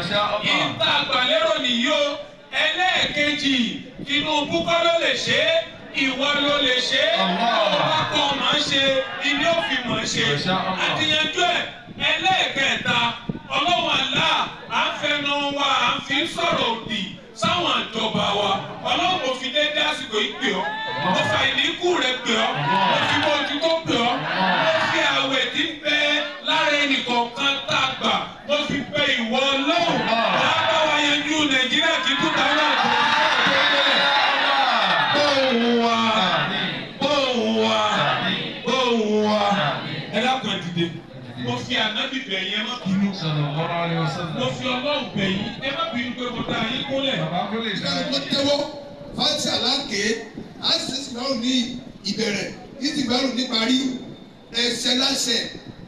ìta àgbàlérò nìyó ẹlẹ́ẹ̀kejì Tinubu kọ́ ló lè ṣe é ìwọ ló lè ṣe é ọba kan mọ̀ ń ṣe ilé òfin mọ̀ ń ṣe àtìyànjú ẹ̀ ẹlẹ́ẹ̀kẹta ọlọ́wọ́n àlá à ń fẹnu wa à ń fi sọ̀rọ̀ òdì sáwọn àjọba wa ọlọ́run fi déédé àsìkò yìí ọ́ mo fa ìníkù rẹ pè ọ́ mo fi bójú tó pè ọ́ mo fi àwẹ̀ tí ń bẹ lára ẹnìkọ̀ọ̀kan tá a gbà mo fi pe ìwọ ọlọ́run bá wa yanjú nàìjíríà kí kú táwọn àgbà wa bóun wa bóun wa ẹ dákun ẹ dìde mo fi ànábì bẹ̀ yín ẹ má bínú mo fi ọlọ́run bẹ̀ yín ẹ má bínú pé mo dá yín kúnlẹ̀. mo tẹ́wọ́ fati aláǹkè àìsàn ìsìnkú ìbẹ̀rẹ̀ ìsìnkú parí ẹsẹ̀ láṣẹ.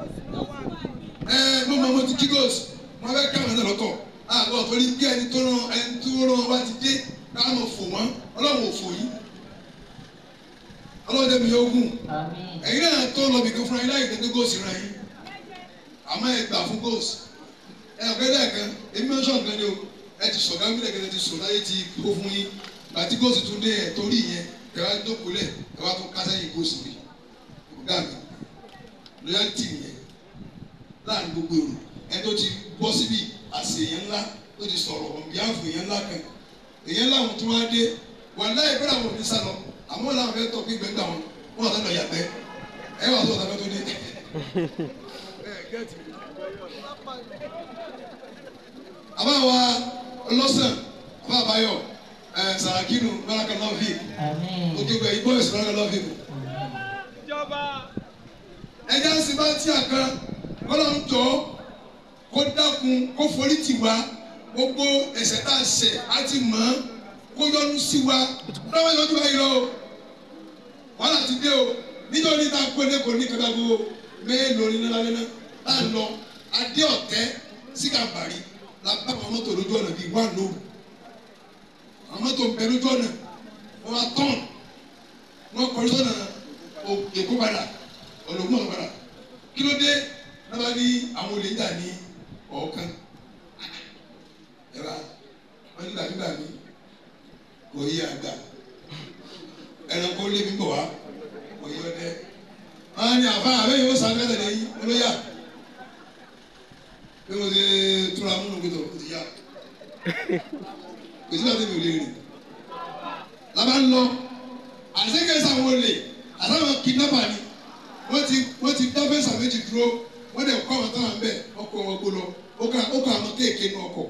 ẹ mo mọ mo ti kí gòsì mo fẹ́ káwọn náà lọ́tọ̀ àgọ́ torí bí ẹni tó rán ẹni tó rán wá ti dé káwọn fò wọ́n ọlọ́run ò fò yìí ọlọ́dẹ mi yóò gùn ẹ̀yin náà tó lọ bìkan fúnra yín láì tètè gòsì ra yín àmọ́ ẹ gbà fún gòsì ẹ ọ̀gẹ́dẹ̀ kan èmi máa ń sọ̀rọ̀ o ẹ ti sọ̀rọ̀ mílẹ̀ kẹ́lẹ́ ti sọ̀rọ̀ láyé ti kó fún yín àti gòsì tún dé ẹ̀ torí ìyẹn ẹ wá dókòlẹ̀ ẹ wá kásẹ̀ yìí gòsì rí ọ̀gá mi lọ́yọ́tì nìyẹn láàrin gbogbo èrò ẹni tó ti bọ́ síbi àṣẹ èèyàn ńlá tó ti sọ̀rọ̀ ọ̀bí àfọ̀ èèyàn ńlá kan èèyàn ńlá tó wá dé wà láyé bẹ́ẹ̀ àwọn òní sálọ àmọ́ làwọn fẹ́ tọ́ gbígbẹ́ gbà wọn wọn àtọ́ lọ yàgbẹ́ ẹ wà tó ọ̀tàfẹ́ tó dé. ọlọ́sàn àbábáyọ̀ sàràkínú bárakà ojú ìgbà ìgbọ́ ìsìn bárakà ìjọba ẹja sì bá tí a kan Ọlọ́run jọ kó dákun kó forí tì wá gbogbo ẹ̀ṣẹ̀ tá a ṣẹ̀ á ti mọ̀ ọ́n kó yọ́nú sí wa lọ́wọ́ yọjú báyìí lọ o wàhálà ti dé o nítorí tá a pé ní kò ní kẹta gbogbo mélòó ní lálẹ́ náà tá a lọ adé ọ̀tẹ́ síkàbàrí la bá àwọn mọ́tò lójú ọ̀nà bíi wà lóru àwọn mọ́tò ń bẹ lójú ọ̀nà wọ́n wá tán wọ́n kọ́ lójú ọ̀nà èkó padà ọ̀lọ́gbọ́n àwọn padà kí ló dé náà bá ní àwọn olè ń jà ní ọ̀ọ́kán ẹ̀rá wọ́n ní gbàgbé gbàgbé kò yí àgbà ẹranko lé mi bọ̀ wá kò yí ọdẹ wọ́n ní àfa àbẹ́yẹ ó sàn kẹ́tẹ̀ lẹ́yìn olóyà bí mo ṣe túra múnú gbẹdọ̀ kò ti yá kò sí láti mi ò lè rìn lábá ń lọ àṣekẹ́sà wọlé àtàwọn kidnapper ni wọ́n ti wọ́n ti dá fẹ́sà méjì dúró wọ́n dẹ̀ kọ́ àwọn táwọn bẹ̀ ọkọ̀ wọn gbó lọ ó kà ó kà àwọn kéèké nu ọkọ̀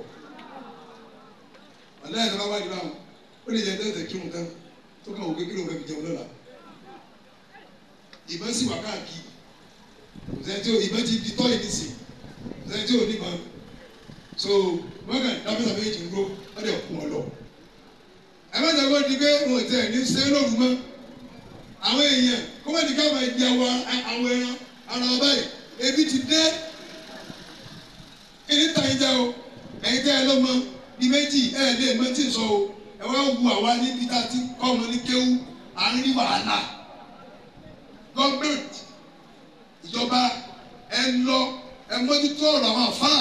aláya tó bá wá ìlú àwọn ó lè jẹ tẹ́tẹ́ kí wọn tán tó kà wọ́n kékeré wọn fi jẹun lọ́la ìbọn sì wà káàkiri ìbọn tí ìbọn ti di tọ́yìn nísì ìbọn tí ò ní ìbọn so wọ́n kà dá fẹ́sà méjì dúró wọ́n dẹ̀ kún ọ lọ. ẹ má jẹ́ kó di wọn tẹ̀ ní sẹ́lọ̀rù mọ́ àwọn èèyàn kó wọ́n ti ká àwọn ẹ̀jẹ̀ àwọn ẹran ara ọba yìí ebi ti dé èyí ta ẹ̀jẹ̀ o ẹ̀yin tẹ́ ẹ ló mọ bí méjì ẹ̀ lè mọ tí ń sọ o ẹ wá wu àwa ní peter tí kọ́ ọmọ ní kéwú à ń rí wàhálà gọ́ọ̀mẹ̀ntì ìjọba ẹ lọ ẹ mójútó ọ̀rọ̀ àwọn àfáà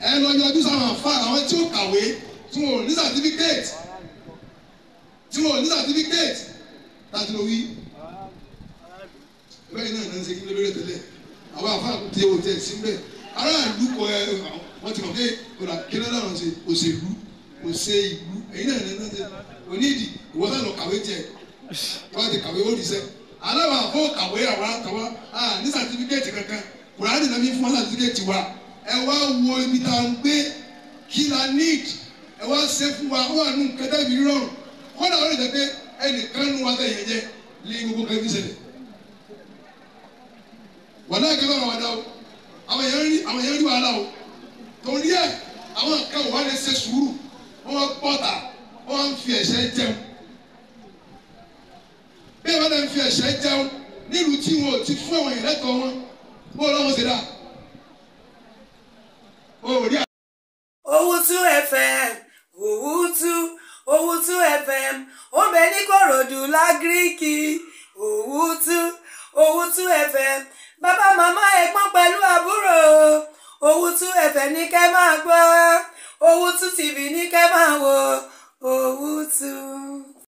ẹ lọ yanjú sáwọn àfáà àwọn tí ó kàwé tí wọn ò ní certificate tí wọn ò ní certificate láti ló wí bẹ́ẹ̀ náà náà ń ṣe kí lóore tẹ́lẹ̀ àwọn àfáà tẹ o tẹ síbẹ̀ aráàlú kọ ẹ wọ́n ti mọ̀ pé ọ̀rà kílẹ̀ náà ń ṣe òṣèlú òṣè ìlú ẹ̀yin náà náà ń ṣe onídìí ìwọ́n náà lọ kàwé tiẹ̀ wọ́n ti kàwé ó di sẹ́ aláwọ̀ àfọ́ kàwé àwọn àtàwọn ní sàtífíkẹ́ẹ̀tì kankan kùránì náà fi fún sàtífíkẹ́ẹ̀tì wa ẹ wá wo ibi tá à ń gbé kí la need ẹ wá ṣe fún wa ó wà nù kẹtẹ́ mi rọrùn kọ́dà ó lè jẹ́ pé ɛni granu wa ta yɛn jɛ lii gbogbo kan mi sɛlɛ wà náà kí lọ́rọ̀ wa dá o àwọn yẹn rí àwọn yẹn rí wàhálà o torí ẹ àwọn kan wà lè ṣe sùúrù wọn pọ̀tà wọn fi ẹ̀ṣẹ̀ jẹun bí ẹ bá dẹ̀ fi ẹ̀ṣẹ̀ jẹun nílùú tí wọn ò ti fún àwọn yẹn lẹ́tọ̀ọ́ wọn bó lọ́wọ́ sí dáa. Ìkòròdú lágíríkì Òwútú Òwútú FM bàbá màmá ẹ̀gbọ́n pẹ̀lú àbúrò Òwútú FM ní kẹ́ máa gbọ́ Òwútú TV ní kẹ́ máa wò Òwútú.